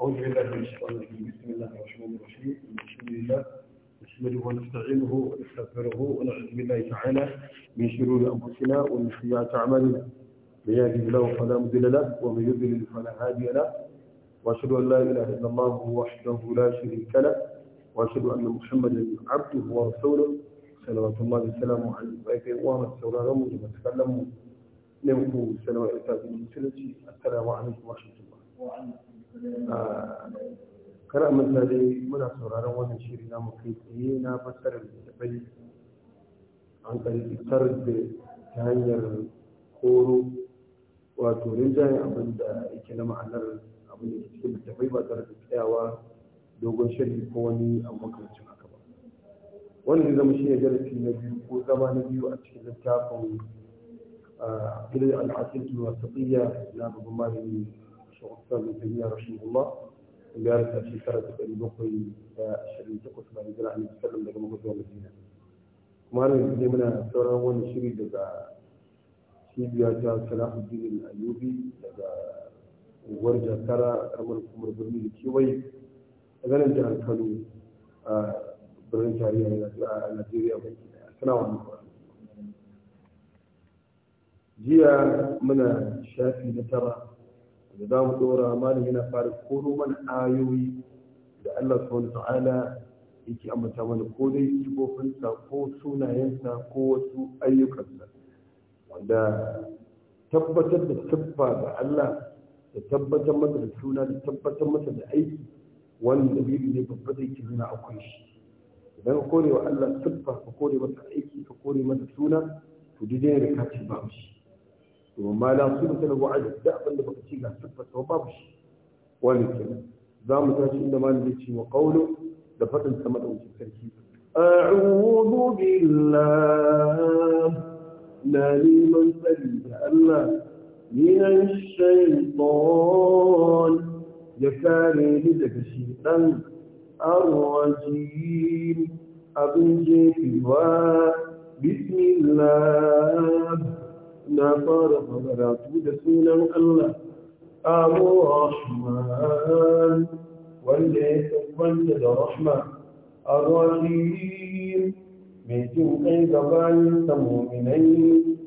أعوذ بالله من الشيطان الرجيم بسم الله الرحمن الرحيم الحمد لله نحمده ونستعينه ونستغفره ونعوذ بالله تعالى من شرور أنفسنا ومن سيئات أعمالنا من يهده الله فلا مضل له ومن يضلل فلا هادي له وأشهد أن لا إله إلا الله وحده لا شريك له وأشهد أن محمدا عبده ورسوله صلوات الله وسلامه عليه وعلى آله وصحبه لما تكلموا نمكو سنوات السلام عليكم ورحمة الله kar a manta muna sauraron wannan shiri na mu kai tsaye na fassarar littattafai an karfitar da ta hanyar koro wato rinjayen abin da yake na ma'anar abin da ke cikin littafai ba tare da tsayawa dogon shiri ko wani abu makamancin haka ba wanda zai zama shi ne darasi na biyu ko zama na biyu a cikin littafin a filin al'asir tuwa na babban malami الشيخ الإسلام ابن تيمية رحمه الله وقالت في سنة البقي الشريف قسم عن جلال أن يتكلم لك مقدمة ما نجي من سورة وين شريد لك شيبيا صلاح الدين الأيوبي لك ورجع ترى أمر كمر برمي لكيوي أنا نجي عن كانوا آه، برمي جارية نيجيريا سنة وعليكم jiya muna shafi na da za mu ɗora malam yana fara koro mana ayoyi da Allah subhanahu wa ta'ala yake ambata mana ko dai sifofinsa ko sunayensa ko wasu ayyukansa wanda tabbatar da siffa ga Allah da tabbatar masa da suna da tabbatar masa da aiki wani dalili ne babba zai ke nuna akwai shi idan ka kore wa Allah siffa ka kore masa aiki ka kore masa suna to dai ne da ka ce ba shi وما لا صلة له عدد دعبا لبقتي قال صفة وبابش ولكن ذا متاشي إنما نبيتي وقوله لفتن سمد وتسركي أعوذ بالله لا لمن سلك الله من الشيطان يكاري لك الشيطان الرجيم أبن جيفوا بسم الله na fara karatu da sunan Allah ar-rahman wanda ya tabbata da rahma ar-rahim mai jin kai gabanin sa mu'minai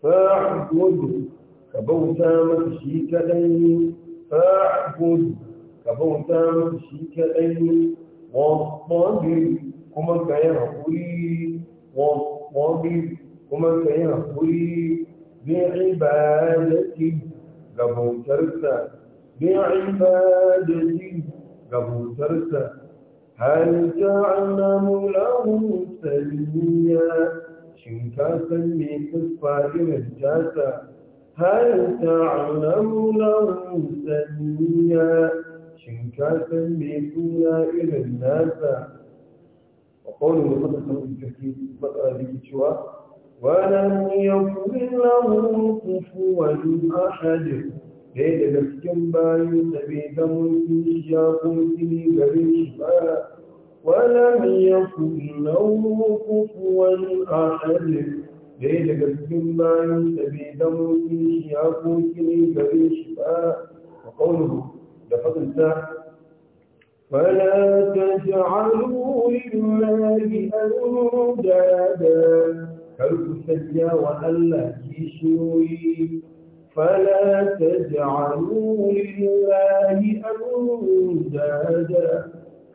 fa'bud ka bauta masa shi kadai fa'bud ka bauta masa shi kadai wa kuma ka yi haƙuri wa kuma ka yi haƙuri bin ibadati ga bautarsa bin ibadati ga bautarsa hal ta'lamu lahu samiya shin ka san me kusfa irin tasa هل تعلم له سميا شنكاسا بيكونا إلى الناس وقوله مصدق التكييف بقى ذيك شواء ولم يكن له كفوا أحد هذا لكم با يتبي دم في ولم يكن له كفوا أحد هذا لكم با يتبي دم في شاقوت وقوله لفضل فلا تجعلوا لله أندادا حب سجى وألا في فلا تجعلوا لله أندادا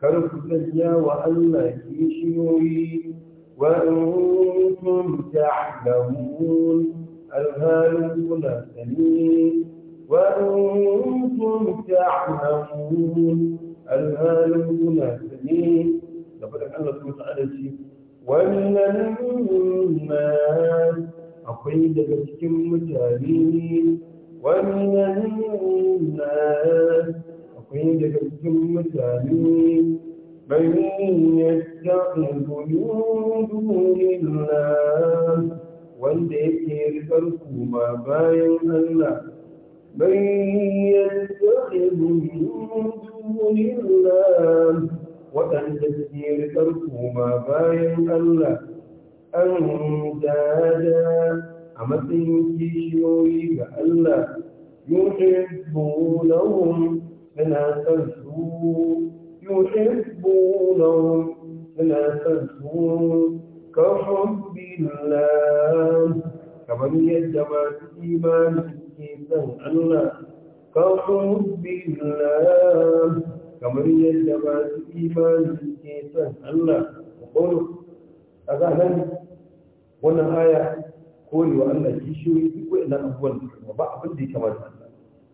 حب سجى وألا في شيوعي وأنتم تعلمون الهالون سنين وأنتم تعلمون الهالون سنين لقد أحلت متعلمين wannan akwai daga cikin mutane wannan akwai daga cikin mutane bayyana ta ɗungunin wanda yake rikar kuma bayan Allah bayyana ta ɗungunin وتحدثني لتركهما باين ألا أنهم تادا عمتي في شعوري بألا يحبونهم فلا تنسوا يحبونهم فلا تنسوا كحب الله كمن يجمع إيمان كيف أن كحب الله kamar yadda masu imani ke son Allah da kono a zanen wannan aya kone wa Allah kishiyoyi duk wa'annan abubuwan da kuma ba abin da ya kamata Allah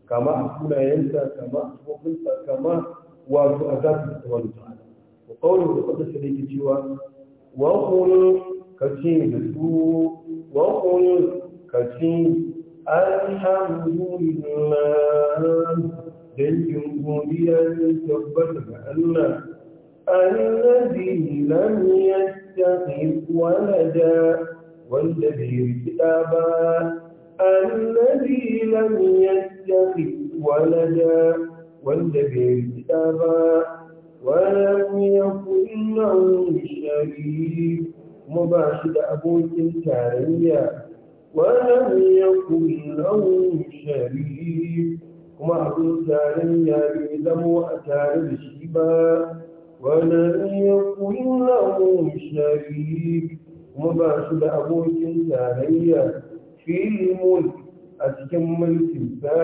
kama a sunayensa kama a tsofinsa kama wato a zafi da wani ta'ala ko kawai da kwata shi da ke cewa wa kun ka ce da su wa kun ka ce alhamdulillah للجمهورية تبتك أن الذي لم يتخذ ولدا والذي كتابا الذي لم يتخذ ولدا والذي كتابا ولم يكن له شريك مباشر أبو الكارية ولم يكن له شريك kuma abin tarin ya yi zamo a tare da shi ba wanda ya kuyi namu shari kuma ba su da abokin tarayya filimun a cikin mulkin sa.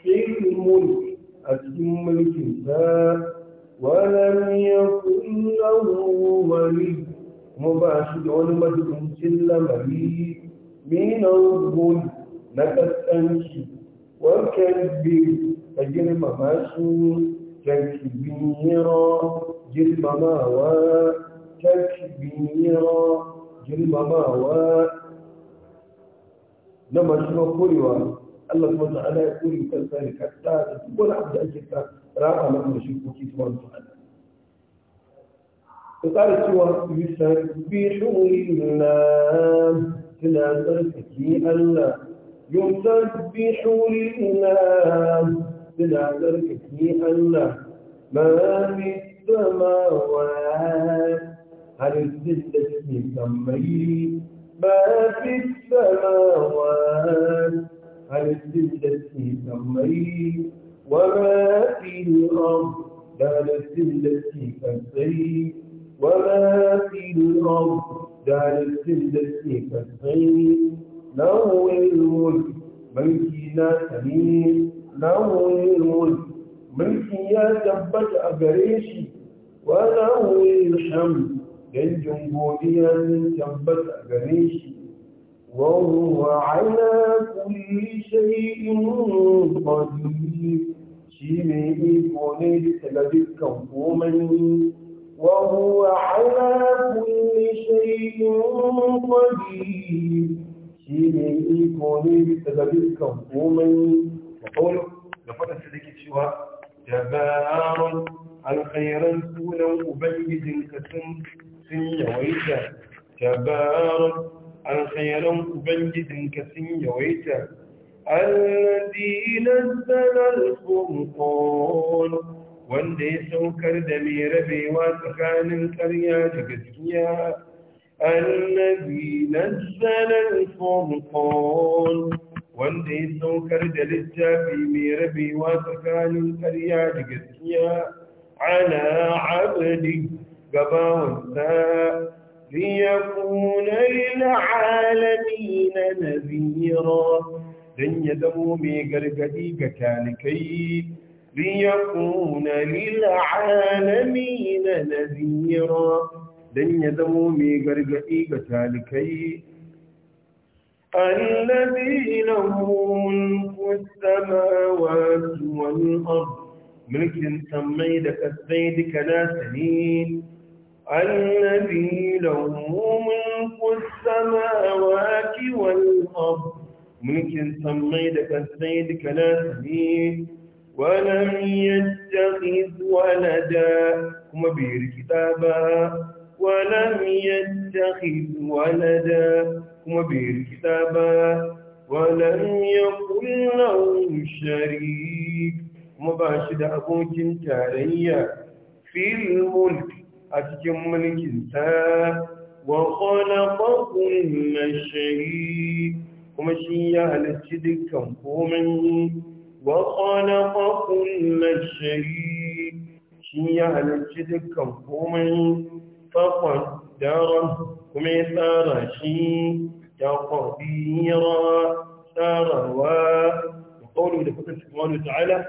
filimun a cikin mulkin ta wanda ya kuyi wani kuma ba su da wani matukuncin lamari minan gudu na kasance وكذب فجرم ماسو تكبيرا جرم ماوى تكبيرا جرم ماوى لما شنو قولوا الله سبحانه وتعالى يقول مثل ذلك حتى تكون عبد أجلك راى لكم شركوك سبحانه وتعالى فقال سوى يسبح لله سنا في الله يسبح لله بنعذر كثير الله ما في السماوات هل الزلة تسمي ما في السماوات هل الزلة تسمي وما في الأرض دار الزلة تسمي وما في الأرض دار الزلة تسمي له الملك ملكي لا تميل له الملك ملكي يا تبت أبريشي وله الحمد ينجم بوديا تبت أبريشي وهو على كل شيء قدير شيء يكون تلبك قومني وهو على كل شيء قدير shi ne iko ne daga dukkan komai da kawo da fadar da ke cewa da baron alkhairan sunan ubangijinka sun sun yawaita tabaron alkhairan ubangijinka sun yawaita الذي نزل الفرقان wanda ya saukar da mai rabewa tsakanin ƙarya da gaskiya الذي نزل الفرقان wanda ya saukar da littafi mai rabewa tsakanin ƙarya da gaskiya ala abdi gabawansa liyakuna lil alamin nadhira dan ya zamo mai gargadi ga talikai liyakuna lil alamin nadhira dan ya zamo mai gargaɗi ga talikai. Allabi na mulku sama wasu wani abu, mulkin sammai da ƙasai duka nasa ne. Allabi na mulku sama wani abu, mulkin Tammai da ƙasai duka nasa ne. yadda zuwa kuma bai rikita ba. ولم يتخذ ولدا كما كتابا ولم يقل له شريك كما باشد أبوك تاريا في الملك أتجملك ملك وخلق كل شيء كما شيء على الشدك كمكومي وخلق كل شيء شيء على كم كمكومي فقدره كما يسار شيء تقديرا ساروا وقوله لفضل سبحانه وتعالى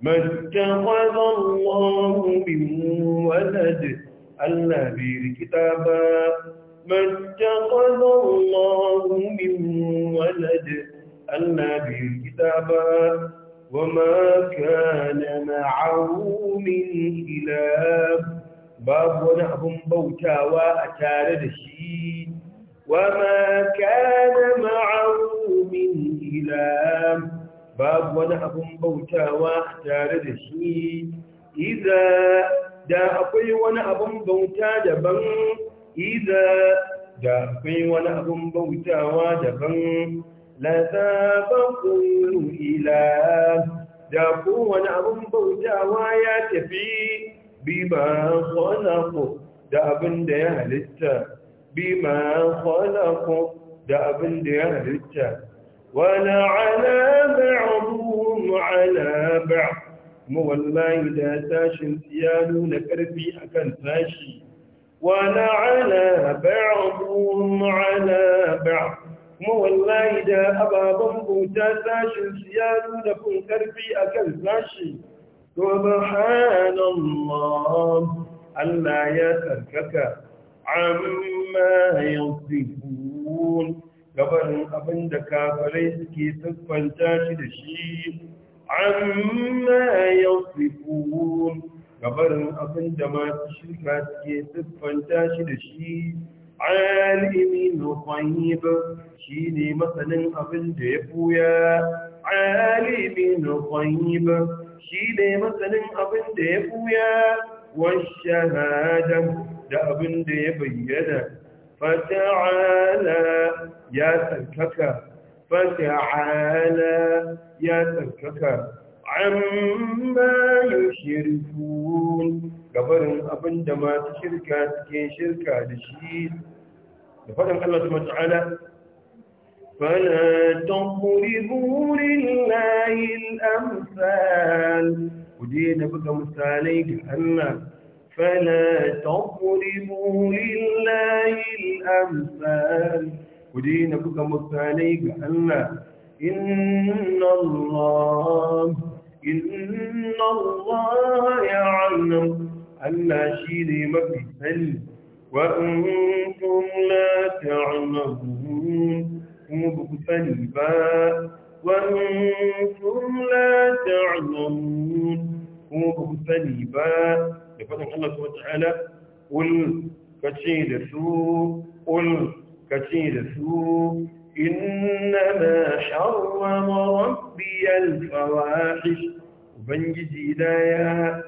ما اتخذ الله من ولد ألا بالكتابا ما اتخذ الله من ولد ألا بالكتابا وما كان معه من إله babu wani abun bautawa a tare da shi ma kana ma'ahu min babu wani abun bautawa a tare da shi Iza da akwai wani abun bauta daban Iza da akwai wani abun bautawa daban la zabaqu ila da ko wani abun bautawa ya tafi bima khalaqu da abin da ya halitta bima khalaqu da abin ya halitta wala ala ba'dhum ala ba'd mu wallahi da tashin ya nuna karfi akan tashi wala ala ba'dhum ala ba'd mu wallahi da ababan buta tashin ya nuna kun karfi akan tashi subhanallah Allah ya karkaka amma yasifun gabanin abin da kafarai suke siffanta shi da shi amma yasifun gabanin abin da masu shirka suke siffanta shi da shi alimin qayb masanin abin da ya shi ne masanin abin da ya buya washahada da abin da ya bayyana fata'ala ya tsarkaka fata'ala ya tsarkaka amma yushirkun gabarin abin da masu shirka suke shirka da shi da faɗin Allah subhanahu wa ta'ala فلا تضربوا لله الأمثال ودينا بقى مثالي جهنم فلا تضربوا لله الأمثال ودينا بقى مثالي جهنم إن الله إن الله يعلم أن شيني مكسل وأنتم لا تعلمون مبتلبا وأنتم لا تعلمون مبتلبا لفضل الله سبحانه وتعالى قل كتير سوء قل كتير سوء إنما حرم ربي الفواحش وبنجي دايا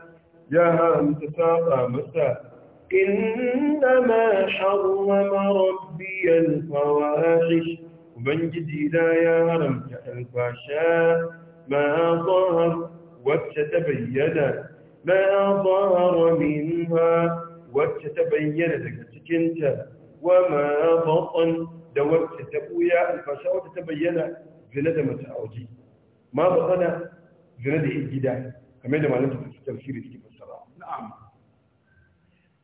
يا هم تساقى مساء إنما حرم ربي الفواحش ubangiji na ya haramta alfasha ma zahar wacce ta bayyana ma zahara minha wacce ta bayyana daga cikinta wa ma batan da wacce ta buya alfasha wacce ta bayyana zina da mace a waje ma batana zina da yin gida kamar da malamta su tafsiri suke fassara na'am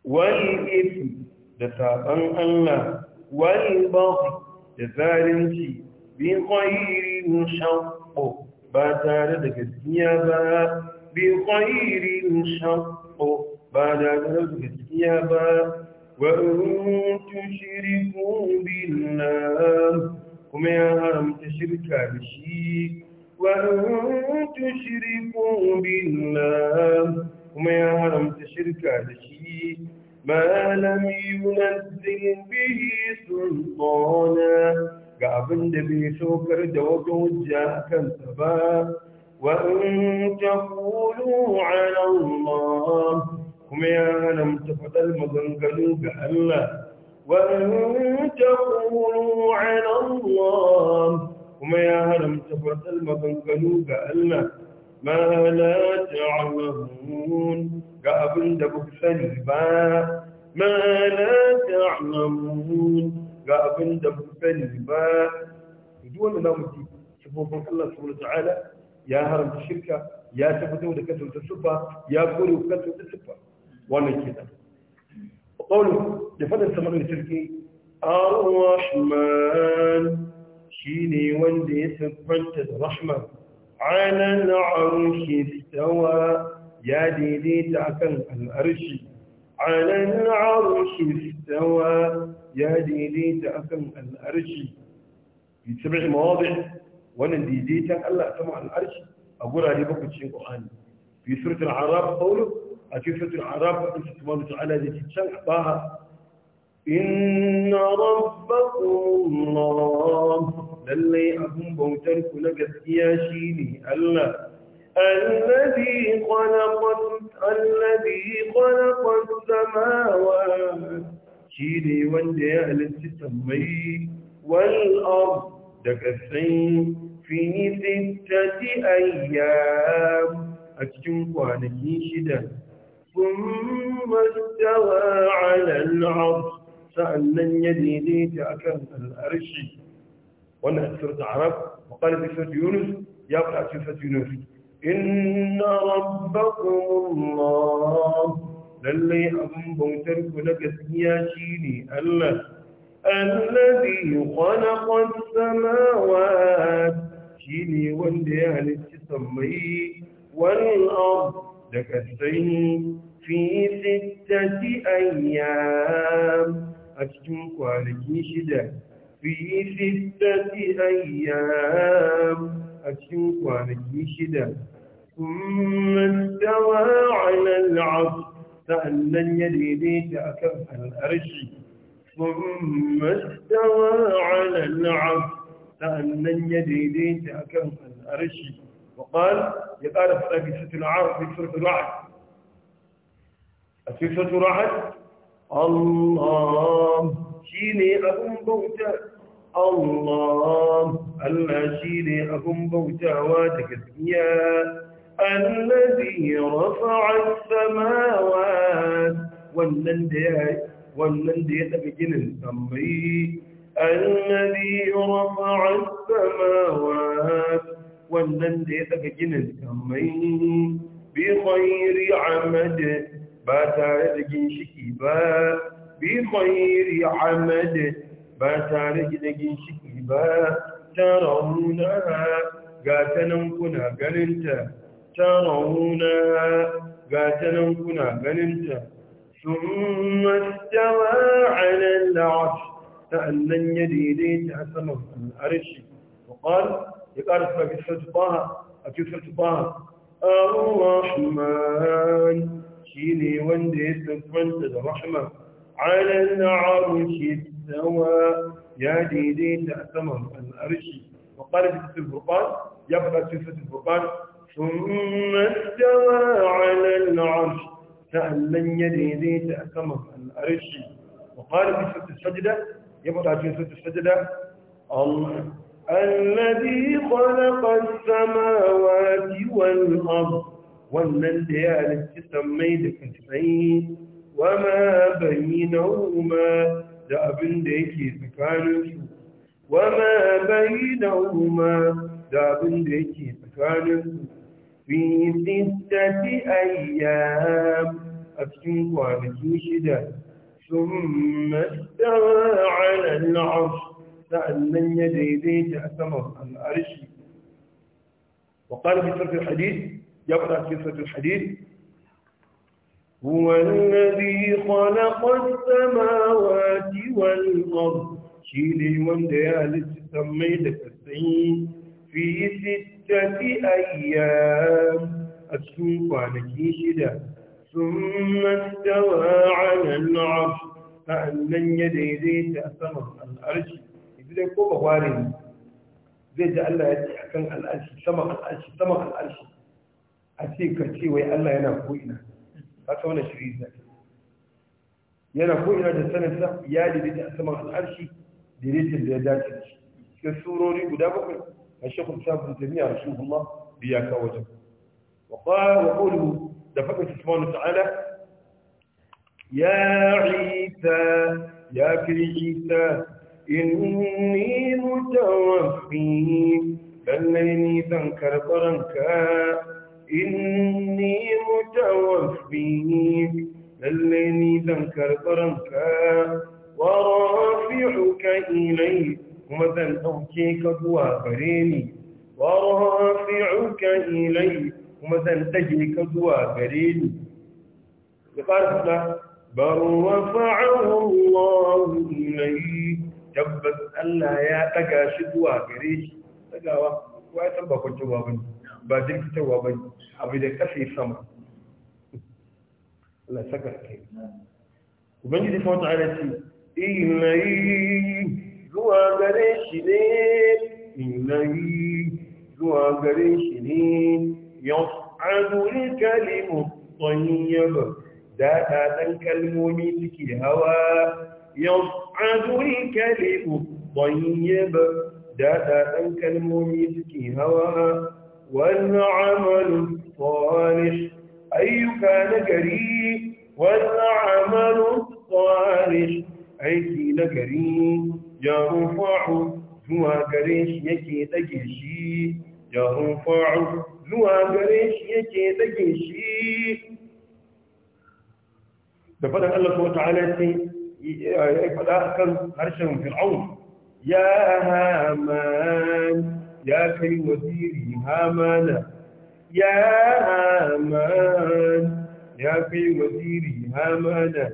wal ithm da saban Allah wal batil da bi bi mun shanko ba tare da gaskiya ba bi mun shanko ba tare da gaskiya ba wa'in tushirikun billah kuma ya haramta shirka da shi wa'in tushirikun billah kuma ya haramta shirka da shi ما لم ينزل به سلطانا قابل النبي شكر دوك وجاء كالسبا وإن تقولوا على الله هم يا لم تفت المذنقل بألا وإن تقولوا على الله وما يا لم تفت المذنقل بألا ما لا تعلمون قابل دبك سني با ما لا تعلمون قابل دبك سني با دون نمتي شفوف الله سبحانه وتعالى يا هرم الشركة يا تفتو دكتو تسفى يا قولي وكتو تسفى وانا كده قولوا لفضل سمع الشركي الرحمن شيني وندي سبحانه الرحمن على العرش استوى يا ديدي كان العرش على العرش استوى يا ديدي كان العرش في سبع مواضع وانا تاكن الله سمع العرش أقول هذه بكم تشين قرآن في سورة العرب قوله في سورة العرب أنت سبحانه وتعالى التي تشرح بها إن ربكم الله lallai abun بوترك لقد na gaskiya shine الذي خلق الذي خلق السماوات شيني وانده يهلت سمي والأرض دكسين في ستة أيام أتجم قوانكي شدا ثم استوى على العرش سألن يديديك أكن الأرشي ونحن سورة العرب وقال في سورة يونس يقرا في سورة يونس إن ربكم الله للي أنبو ترك لك سياشيني الله الذي خلق السماوات شيني واللي على السمي والأرض كالسين في ستة أيام أشتم على جيش ده في ستة أيام أتشوفها شدا ثم استوى على العرش سألن يديديت أكم الأرش ثم استوى على العرش سألن يديديت أكم الأرش وقال يقال في العرش في سورة الرعد في سورة الرعد الله شيني أبو بوتا الله الذي لأهم بوتاواتك يا الذي رفع السماوات والنندي والنندي تبجن السمي الذي رفع السماوات والنندي تبجن السمي بخير عمد باتا يدجن شكيبا بخير عمد ba tare gidagen shiki ba ta rauna ga tanan kuna ganinta ta rauna ga tanan kuna ganinta summa tawa ala al'ash sa'annan ya daidaita a saman al'arshi ku kar ya karfa bi sadbaha a fi sadbaha Allah shi ne wanda ya sanfanta da rahmar على العرش استوى يا دي دي الأرش وقال في سفة الفرقان يبقى في سورة الفرقان ثم استوى على العرش سأل يا يدي دي الأرش وقال في سفة السجدة يبقى في سورة السجدة الله الذي خلق السماوات والأرض والنديال ديالك سميدك سيد wa ma bainahuma da abin da yake tsakaninsu wa ma bainahuma da abin da yake tsakaninsu fi sittati ayyam a cikin kwanaki shida ثم استوى على العرش سألن يديديت أسمر الأرش وقال في سورة الحديث يقرأ في سورة الحديث هو الذي خلق السماوات والأرض شيني وند يا لتسمي لتسعين في ستة أيام أتشوف على شدة ثم استوى على العرش فأنن يدي ذي تأثمر الأرش إذا كوبا وارين zai ji Allah ya ce a kan al'arshi saman al'arshi saman al'arshi a ce karce wai Allah yana ko'ina فتونا شريف ينفو إلى جسنة يالي بيت أسمع الأرشي دريت الزيادات كسوروني قدابك الشيخ الشاب بن تيمية رسول الله بياك وجب وقال وقوله دفق سبحانه وتعالى يا عيسى يا عيسى إني متوفي بليني ذنكر برنكا إني متوفيك للذي ذنكر برمك ورافعك إلي ومذن أوكيك دوا فريني ورافعك إلي ومذن تجيك دوا فريني يقارسنا بل رفعه الله إليه تبت ألا يا تقاشد وقريش تقاوى ويتربى كنت وابنه ba jirgitarwa ba abu da ƙasa sama na saka kai da fata ta'ala ce yi zuwa gare shi ne yi zuwa gare shi ne yas'adu kalimu tayyib da ta dan kalmomi suke hawa yas'adu kalimu tayyib da ta dan kalmomi suke hawa والعمل الصالح أي كان كريم والعمل الصالح أي كان كريم يرفع ذو كريش يكي تكيشي يرفع ذو كريش يكي تكيشي تفضل الله سبحانه وتعالى فلا أكثر هرشا في العون يا هامان ya kai waziri hamana ya haman ya kai waziri hamana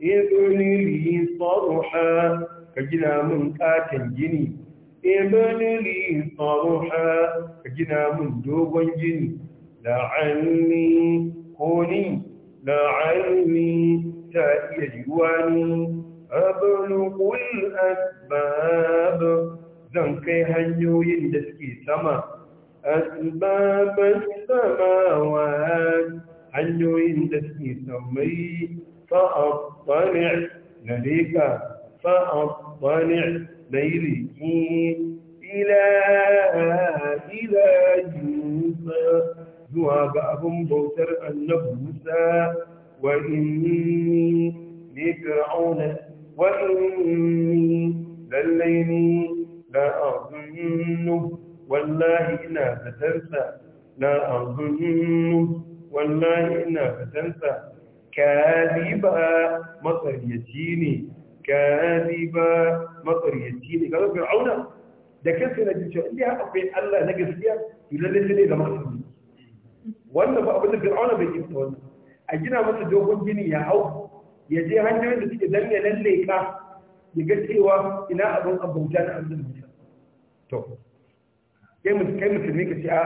ibnili sarha ka gina mun katin gini ibnili sarha ka gina mun dogon gini la'anni koni la'anni ta iya yiwani abulukul asbab zan kai hanyoyin da suke sama asbabas samawat hanyoyin da suke samai fa'abbani na rika fa'abbani na yi riki ila ila jusa zuwa ga abin bautar annabu musa wa inni ne fir'auna wa inni lallai ni والله إنا فتنسى لا أظن والله إنا فتنسى كاذبا مطر يتيني كاذبا مطر يتيني قالوا فرعون ده كثيرا جلت اللي هقفي الله نقص ليه يلالي سليه لمحفظ وانا فأبدا فرعون بيجبتون أجينا مطر جوهون جيني يا حوف يجي هنجمين لتيجي دمي لليكا يقلت إيوه إنا أبو أبو جان عبد المسلم to kai musulmi ka ce a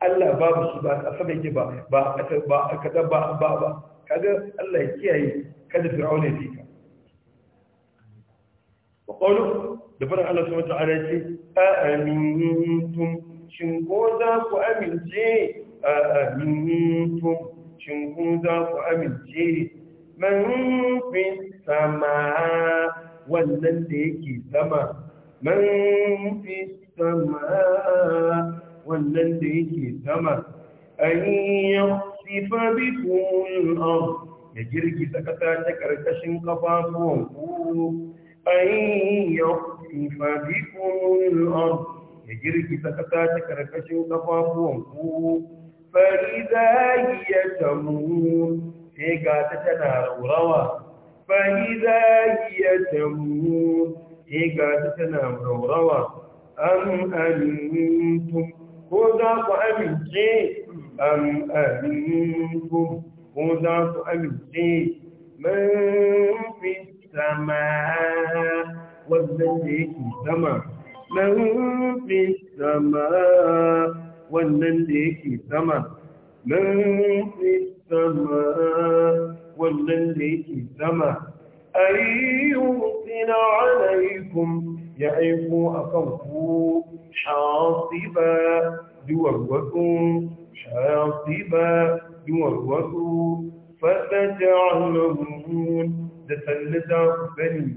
Allah babu su ba a sama yake ba ba a kaza ba ba ba kaga Allah ya kiyaye kada fir'aun ya fika wa qawlu da fara Allah subhanahu wa ta'ala ce a amintum shin ko za ku amince a amintum shin ko za ku amince man fi sama wannan da yake sama man fi sama wannan da yake sama an yasifa bikum al-ard ya jirgi ta ƙasa ta ƙarƙashin kafafuwan ku an yasifa bikum al-ard ya jirgi ta ƙasa ta ƙarƙashin kafafuwan ku za idza hiya tamur sai ga ta tana Fari za idza hiya tamur sai ga ta tana raurawa am amintum ko za ku amince am amintum ko za ku amince man fi sama wannan da yake sama man fi sama wannan da yake sama man fi sama wannan da yake sama ayyuhu الذين عليكم يعفو أخوكم شاصبا دوروكم شاصبا دوروكم فستعلمون لتلدى بني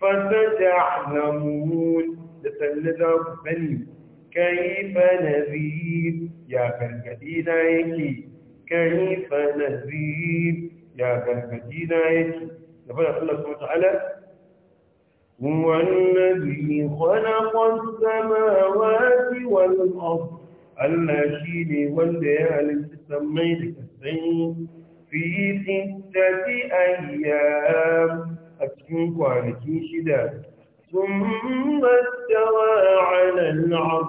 فستعلمون لتلدى بني كيف نذير يا فالكدين ايكي كيف نذير يا فالكدين ايكي نفذ الله سبحانه وتعالى هو الذي خلق السماوات والأرض الناشين والليال السمين كالسين في ستة أيام أكسين كوالكين شداء ثم استوى على العرض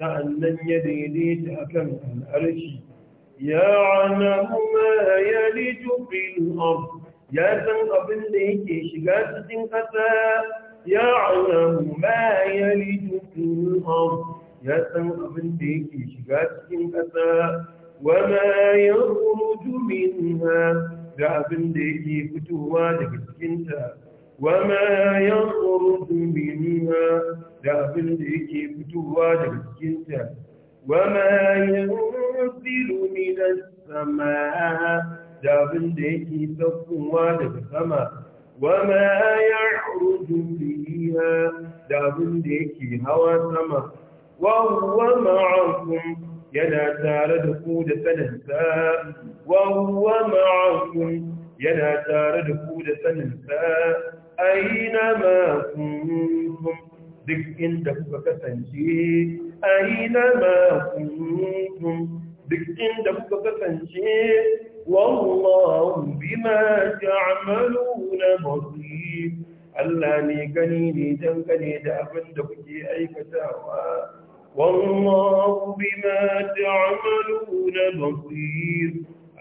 كأن لن يدري كم يا علم ما يلج في الأرض يا سنقف الليكي شقاس سنقفا يعلم ما يلد في الأرض ya san abin da yake shiga cikin ƙasa wama ya ruju minha da abin da yake fitowa daga cikinta wama ya ruju minha da abin da yake fitowa daga cikinta ya sama da abin da daga sama وما يعرج فيها دابن ديكي هوا سما وهو معكم ينا تارد قود سننسا وهو معكم ينا تارد قود سننسا أينما كنتم duk inda kuka kasance aina ma kuntum duk inda kuka kasance والله بما تعملون بصير الله ني كني ني جنك ني دابن والله بما تعملون بصير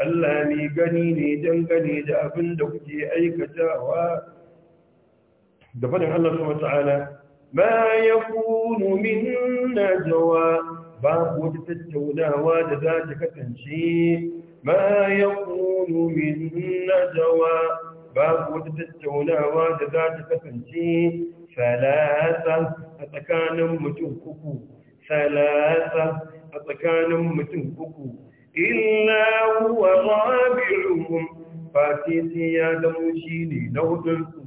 الله ني كني ني جنك ني دابن دكجي ايكتاوا دفن الله سبحانه وتعالى ما يكون من نجوى باب وجد التوناوات ذاتك تنشيه ما يقول من نجوى باب وجد السولى وجدات فتنجي ثلاثة أتكان متنككو ثلاثة أتكان متنككو إلا هو رابعهم فاتي فاتيتي آدم شيني نودنكو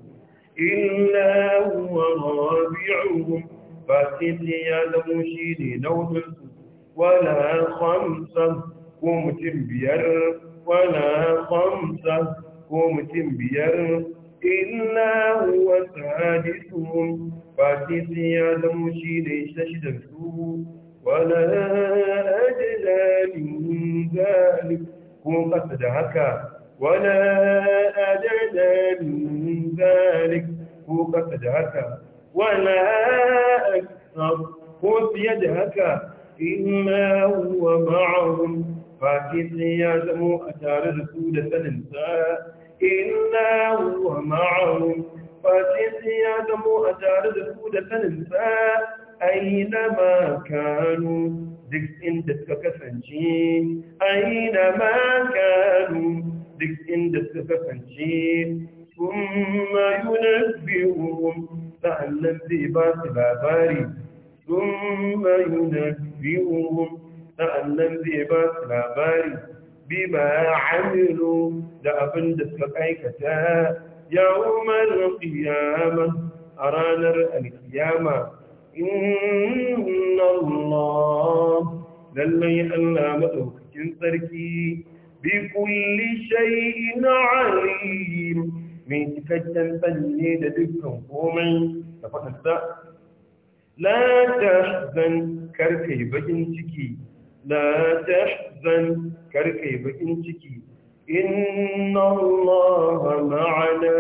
إلا هو رابعهم فاتي فاتيتي آدم شيني نودنكو ولا خمسة ko mutum biyar wala khamsa ko mutum biyar illa huwa sadisuhum ba sai ya zama shi ne shida su wala ajla min zalik ko kasa da haka ولا أدنى من ذلك فوق سجهك ولا أكثر قوت يدهك إما هو معهم فاكس يا زمو أتارد سودة سننسا إلا هو معهم فاكس يا زمو أتارد سودة سننسا أينما كانوا دك إن تتكسنجين أينما كانوا دك إن تتكسنجين ثم ينبئهم فأن الذي باس باباري ثم ينبئهم sa'annan zai ba su labari bi ma amilu da abin da suka aikata yawmal qiyama a ranar alkiyama inna Allah lallai Allah madaukakin sarki bi kulli shay'in alim mai cikakken sanne da dukkan komai da fadarsa la tahzan karkai bakin ciki la tahzan karfe bakin ciki inna allaha ma'ana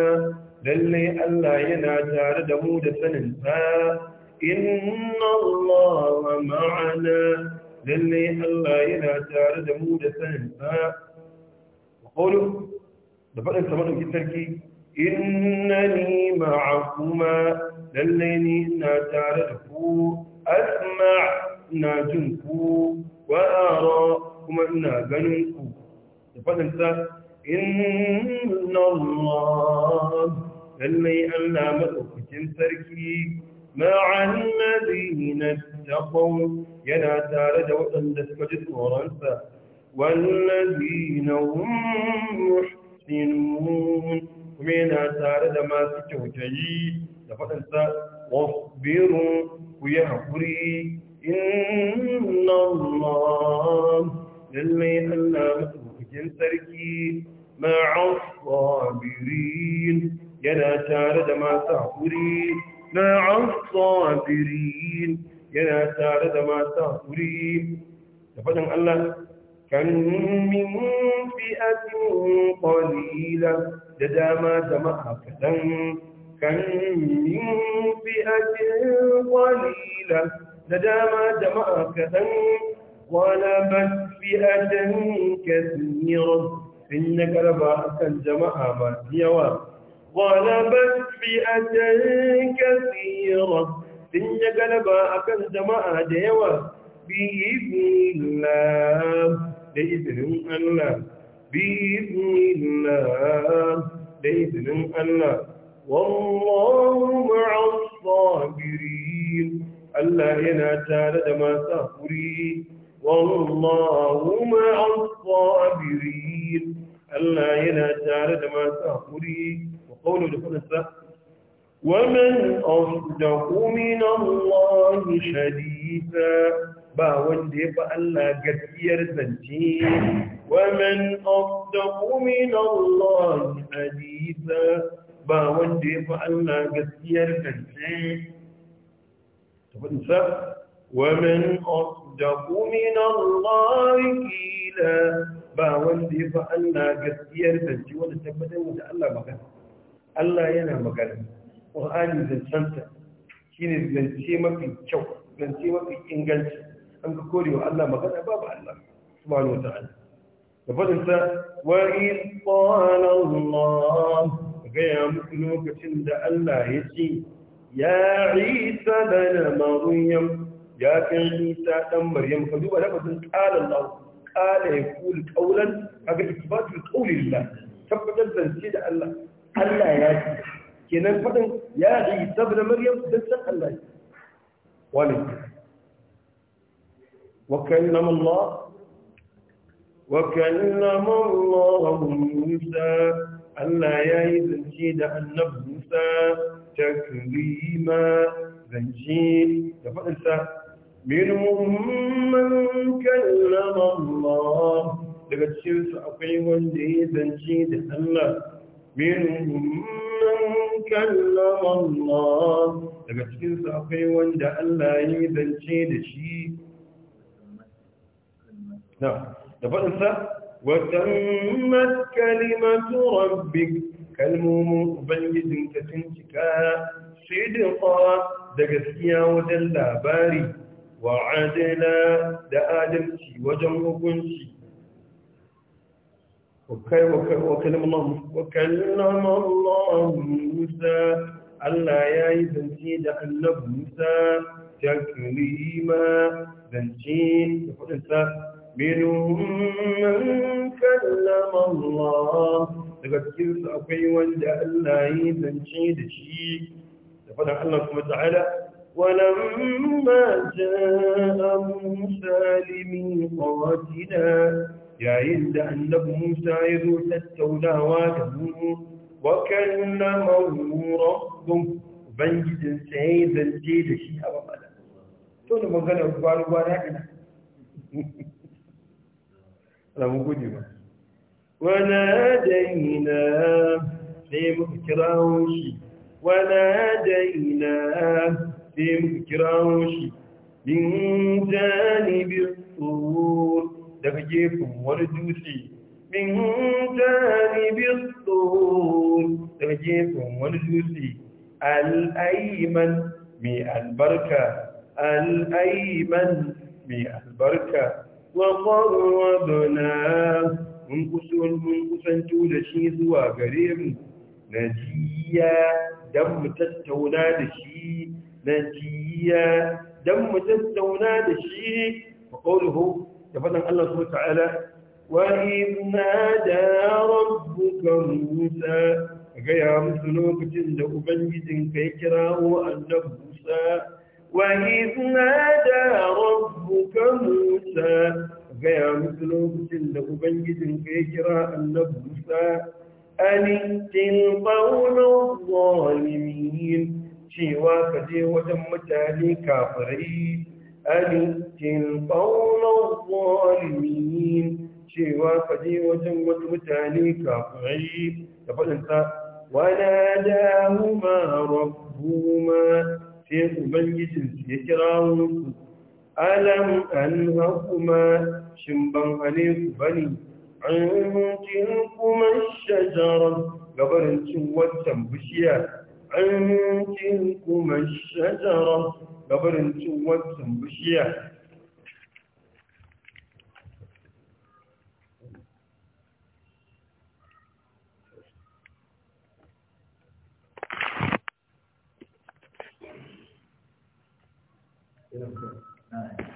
lalle Allah yana tare da mu da sanin inna allaha ma'ana lalle Allah yana tare da mu da sanin sa qawlu da fadin ni tare da ku asma' ina jin ku wa ara kuma ina ganin ku da fahimta inna sarki ما عن الذين اتقوا ينا تارد وأن تسكت صورنسا والذين هم محسنون ومينا تارد ما سكت وجيه لفتنسا واصبروا ويهبري inna Allah lallai Allah sarki ma'as sabirin yana tare da masu hakuri ma'as sabirin yana tare da masu haƙuri. da fadin Allah kan fi fi'atin qalila da dama da kadan kan fi fi'atin qalila da dama jama'a kaɗan فئة كثيرة إنك ربعك الجماعة ماليوة ولبت فئة كثيرة إنك ربعك الجماعة ديوة بإذن الله بإذن الله بإذن الله بإذن الله والله مع الصابرين Allah yana tare da masu haƙuri wallahu ma'as sabirin Allah yana tare da masu haƙuri wa qawlu da fadinsa ومن أصدق من الله شديدا ba wanda ya fi Allah gaskiyar zance waman afdaku min Allah hadisa ba wanda ya fi Allah gaskiyar zance ومن أصدق من الله كيلا باوان دي فأنا قصية الفنجي ولا تبدا وانت الله مكان الله ينا مكان وآني ذن سنسا كين ذن سيمك الشوق ذن سيمك الإنجلس أنك كوري الله مكان أبابا الله سبحانه وتعالى فقد انسى وإذ قال الله غير مكنوك تند الله يسير يا عيسى بن مريم يا عيسى بن مريم فدوبا لفظن قال الله قال يقول قولا قبل اثبات لقول الله تفضل بن سيد الله الله يا عيسى كنان فدن يا عيسى بن مريم فدن الله ولد وكلم الله وكلم الله موسى الله يا عيسى بن سيد موسى تكريما زنجي يفعلت منهم من كلم الله لبتشيرت أقيم ولي زنجي دهلا منهم من كلم الله لبتشيرت أقيم ولي زنجي زنجي دهلا نعم يفعلت وتمت كلمة ربك kalmomin ubangijin ka sun cika sidqa da gaskiya wajen labari wa adala da adalci wajen hukunci وكلم الله Allah ya yi zance da annabu Musa taklima zance da kudinsa minun man kallama Allah daga cikinsu akwai wanda Allah yi zance da shi da faɗin Allah kuma ta'ala ولما جاء موسى لميقاتنا yayin da annabi Musa ya zo tattaunawa da mu wa kallamahu rabbuh ubangijin sa ya zance da shi a babala to da magana ruwa ruwa da ina Allah mun gode ba ونادينا في مكراوشي وناديناه في مكراوشي من جانب الطور دفجيكم وردوسي من جانب الطور دفجيكم وردوسي الأيمن من البركة الأيمن من البركة وقربناه mun kusurin mun kusanto da shi zuwa gare mu na jiya don mu tattauna da shi na jiya don mu tattauna da shi a ƙaunuhu da faɗin Allah su ta'ala wa izna da rabbuka musa a gaya musu lokacin da ubangijin ya kirawo annabi musa wa izna da rabbuka musa gaya musu lokacin da ubangijin ka ya kira annabi musa anitin ƙaunar zalimin cewa ka je wajen mutane kafirai anitin ƙaunar zalimin cewa ka je wajen wasu mutane kafirai da faɗinsa wala dahuma rabbuma sai ubangijinsu ya kira musu alam an haƙuma shin ban hane ku bane an cin kuma shajara gabarin cin waccan bishiya an cin kuma shajara gabarin cin waccan bishiya Thank you.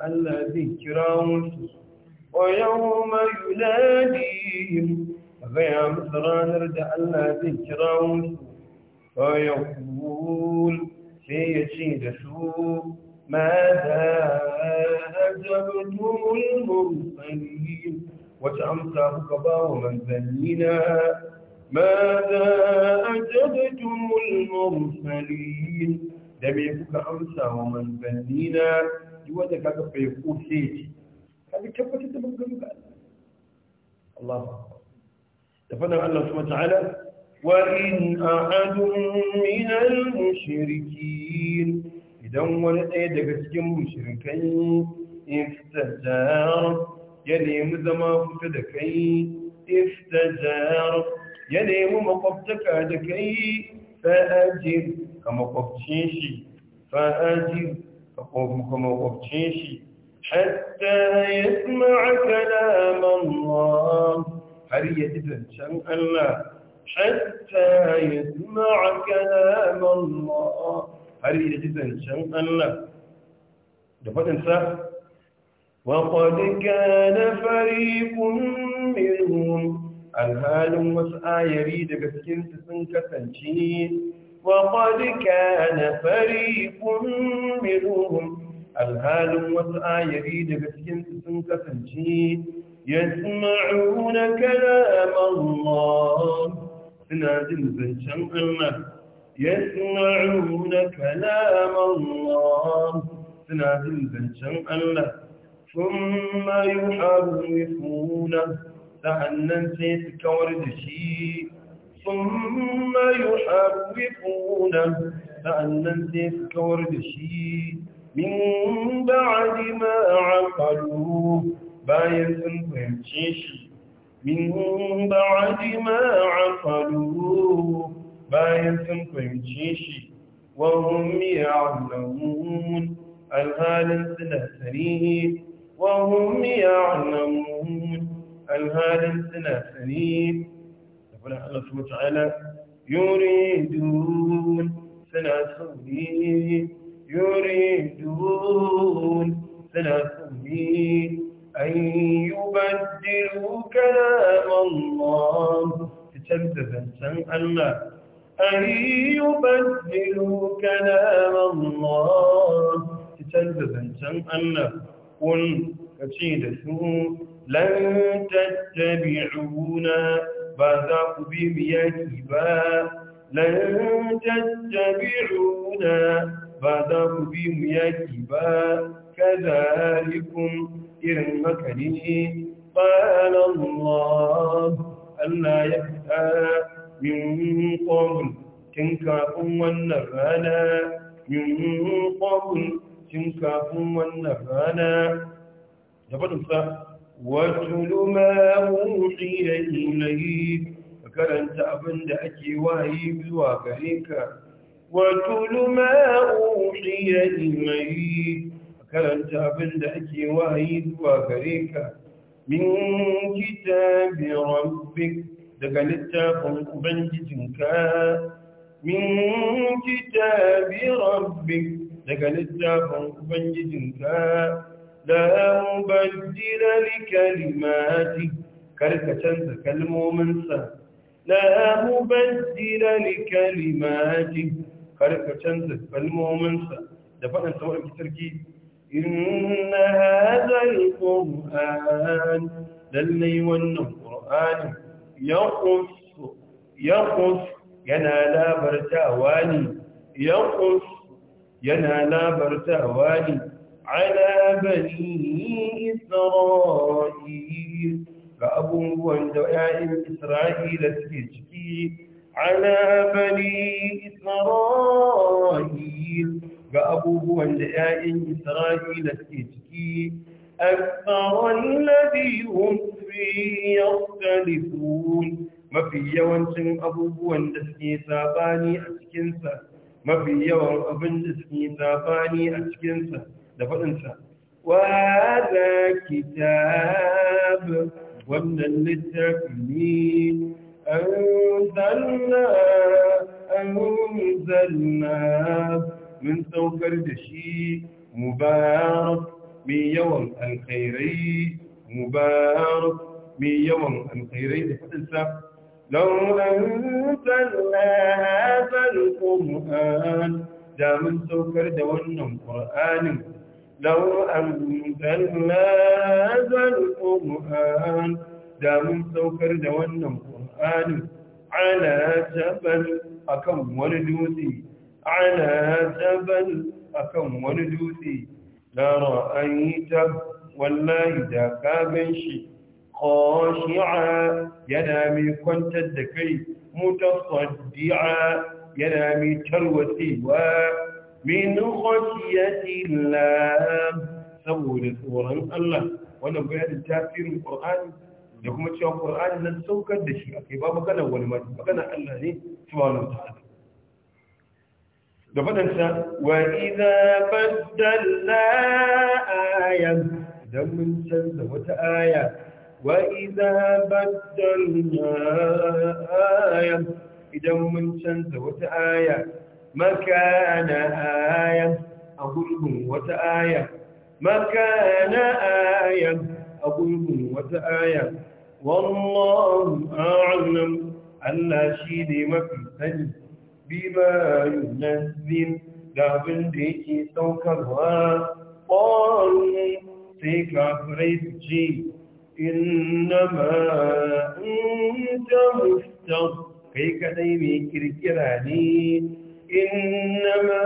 Allah zai kira musu wa yau mai yunadihim a gaya musu ranar da Allah zai kira musu wa ya kuhul sai ya ce da su ma za a jabtumul mursalin wata amsa kuka ba wa manzannina ماذا أجبتم المرسلين دميكك أمسى ومن بنينا duk wanda kaga ko kaga tabbatar da maganganu ga Allah Allah da fadan Allah ta'ala wa in ahadun min al idan wani ɗaya daga cikin mushrikai iftajar ya nemi zama kusa da kai iftajar ya nemi makwabtaka da kai fa'ajir ka makwabcin shi fa'ajir kuma kwabce shi hatta yasma'a kalam Allah har ya idancan Allah hatta yasma'a kalam Allah har ya idancan Allah da fadin sa وقد كان فريق منهم alhalin wasu ayari daga cikinsu sun kasance وقد كان فريق منهم الهال يريد بسجن سنك فنجين يسمعون كلام الله سنازل بنشان يسمعون كلام الله سنازل بن الله ثم يحرفونه تحنن سيسك ورد شيء ثم يحرفونه فأن تذكر بشيء من بعد ما عقلوه باين سنفهم من بعد ما عقلوه باين سنفهم وهم يعلمون الهالن سنة وهم يعلمون الهالن سنة ربنا سبحانه وتعالى يريدون سنعصوني يريدون سنعصوني أن يبدلوا كلام الله تتبذبا سمع الله أن يبدلوا كلام الله تتبذبا سمع الله قل كتيدة لن تتبعونا ba za ku bi mu yaki ba lan na ba za ku bi mu yaki ba kadhalikum irin haka ne Allah Allah ya ta min qawl cin kafin wannan rana min qawl cin kafin wannan rana da واتل ما أوحي إليك فكرنت أبن دأتي وهي بواقعك واتل ما أوحي إليك فكرنت أبن دأتي وهي بواقعك من كتاب ربك دقلت قلقبا جتنكا من كتاب ربك دقلت قلقبا جتنكا la mubaddila li kalimati karka canza kalmomin sa la mubaddila li kalimati karka canza kalmomin da fadan tsawon kitarki inna hadhal qur'an lallai wannan qur'ani yaqus yaqus yana labartawa ne yaqus yana labartawa ne ala bani ga abubuwan da ya'in isra'ila suke ciki ala bani ga abubuwan da 'ya'yan isra'ila suke ciki aksarun mafi yawancin abubuwan da suke sabani a cikinsa mafi yawan abin da suke sabani a cikinsa da faɗinsa وهذا كتاب ومن wannan أنزلنا أنزلنا من سوق دشي مبارك من يوم الخيري مبارك من يوم الخيري لحدثة لو أنزلنا هذا القرآن دا من سوكر دا ونم قرآن لو أنزلنا هذا القرآن دام سوكر دوانا القرآن على جبل أكم وردوثي على جبل أكم وردوثي لرأيت والله ذاك بنشي خاشعا ينامي كنت الدكي متصدعا ينامي تروتي و من خشية الله سوّل القرآن الله وانا بيادي التافير القرآن لكم اتشوى القرآن لن سوك الدشي أكيبا كان أول ما بقنا الله لي سبحانه وتعالى دفن انسى وإذا بدلنا آية دم من سلسة وتآية وإذا بدلنا آية دم من سلسة وتآية مكان آية أقولهم وتآية مكان آية, آية. أقولهم وتآية والله أعلم أن شيد ما في سني بما ينزل دابن ديكي سوكرها قالوا سيكا فريد جي إنما أنت مفتر كيك ديمي كركراني إنما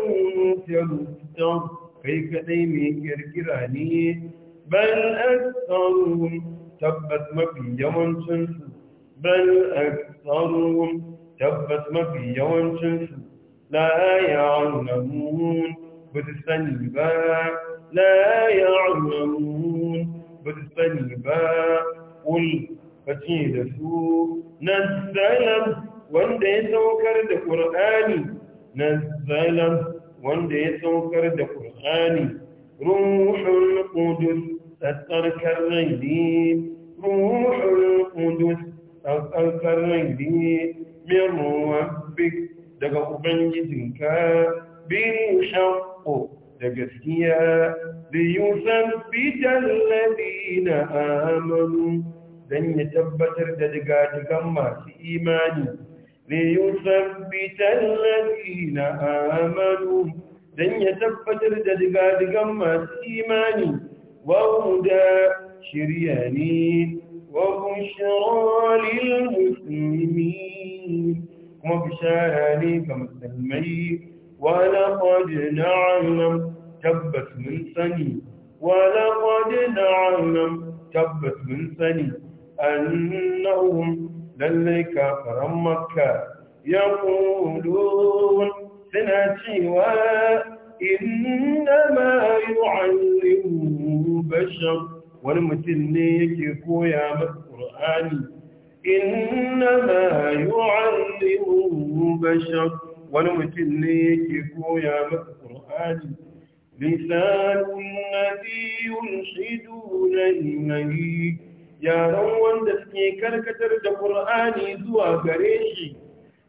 أنت مفتر كيف أيمي كركراني بل أكثرهم تبت في يوم شمس بل أكثرهم تبت في يوم شمس لا يعلمون بتسني لا يعلمون بتسني قل فتي دسو نزل wanda ya saukar da ƙur'ani na zalam wanda ya saukar da ƙur'ani ruhul ƙudus tsarkar rai ne ruhul ƙudus tsarkar rai ne ruwa, bik daga ubangijinka bin shakko da gaskiya da na ladina amanu don ya tabbatar da diga dukan masu imani ليثبت الذين آمنوا لن يتبتر ددقا دقا ما إيماني وهدى شريانين وبشرى للمسلمين وبشاراني كمسلمي ولقد نعلم تبت من سني ولقد نعلم تبت من سني أنهم lallai kafaran maka ya ƙulun suna cewa innama yu'allimu bashar wani mutum ne yake koya masu masa qur'ani innama yu'allimu bashar wani mutum ne yake koya masu masa qur'ani lisanun nabiyyun shiduna ilayhi yaron wanda suke karkatar da Qur'ani zuwa gare shi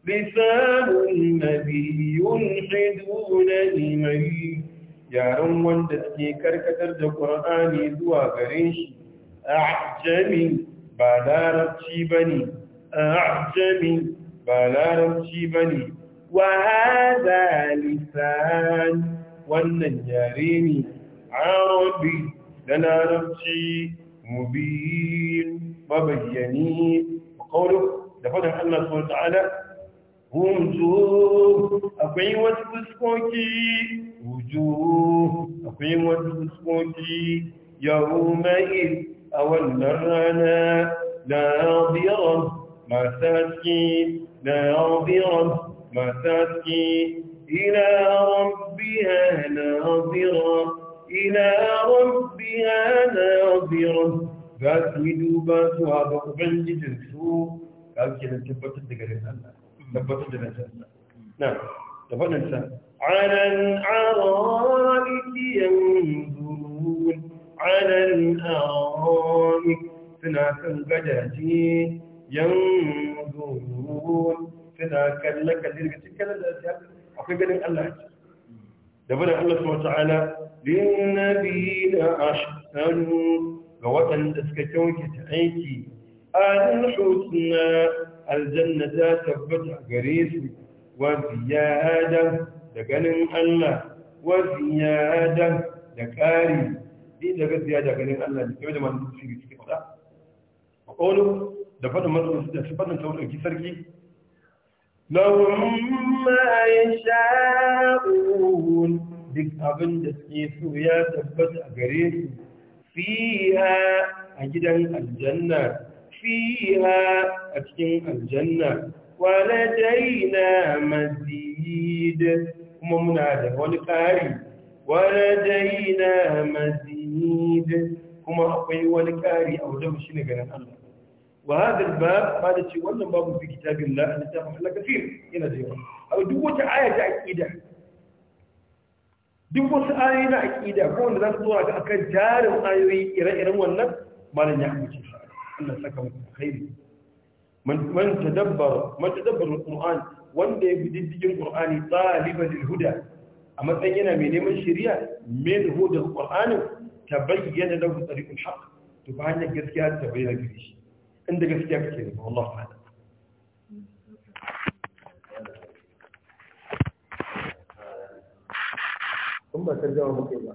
lisanun nabiyyun hiduna liman yaran wanda suke karkatar da Qur'ani zuwa gare shi a'jami ba larabci bane a'jami ba larabci bane wa hada lisan wannan yare ne arabi da larabci mubin وبينيه وقوله أن الله سبحانه وتعالى هم جوه أقعي وتبسكوكي وجوه أقعي وتبسكوكي يومئذ أولى الرنا ناظرا ما ساتكي ناظرا ما ساتكي إلى ربها ناظرا إلى ربها ناظرا za su yi duba zuwa ga ubangijin su ga su kenan tabbatar da garin Allah tabbatar da nasarsa na da faɗinsa anan araliki yanzurun anan araliki suna kan gadaje yanzurun suna kalle kalli daga cikin da akwai ganin Allah da faɗin Allah su wa ta'ala lin nabiyina ga waɗanda suka kyautata aiki nan hutuna aljanna ta tabbata gare su wa ziyada da ganin Allah wa ziyada da ƙari din da ziyada ganin Allah ne kyau da man shi faɗa. fada qawlu da fadin su da fadin ki sarki لهم ما يشاءون duk abin da suke so ya tabbata a gare su فيها أجدا الجنة فيها أتقن الجنة ولدينا مزيد كما منادى ولقاري ولدينا مزيد كما أقوي ولقاري أو له شنك عن الله وهذا الباب هذا شيء ولا باب في كتاب الله أن تفهم الله كثير هنا زيارة أو دوت آية تأكيدها duk wasu ayoyi na aƙida ko wanda za su zuwa ga akan jarin ayoyi ire-iren wannan malam ya amince shi Allah saka muku khairi man tadabbar man tadabbar alquran wanda ya bi diddigin qur'ani taliban alhuda a matsayin yana mai neman shari'a min huda alqur'ani tabayyana lahu tariqul haqq to ba hanyar gaskiya ta bayyana gare shi inda gaskiya kake ne wallahi in ba ta jawa muke ba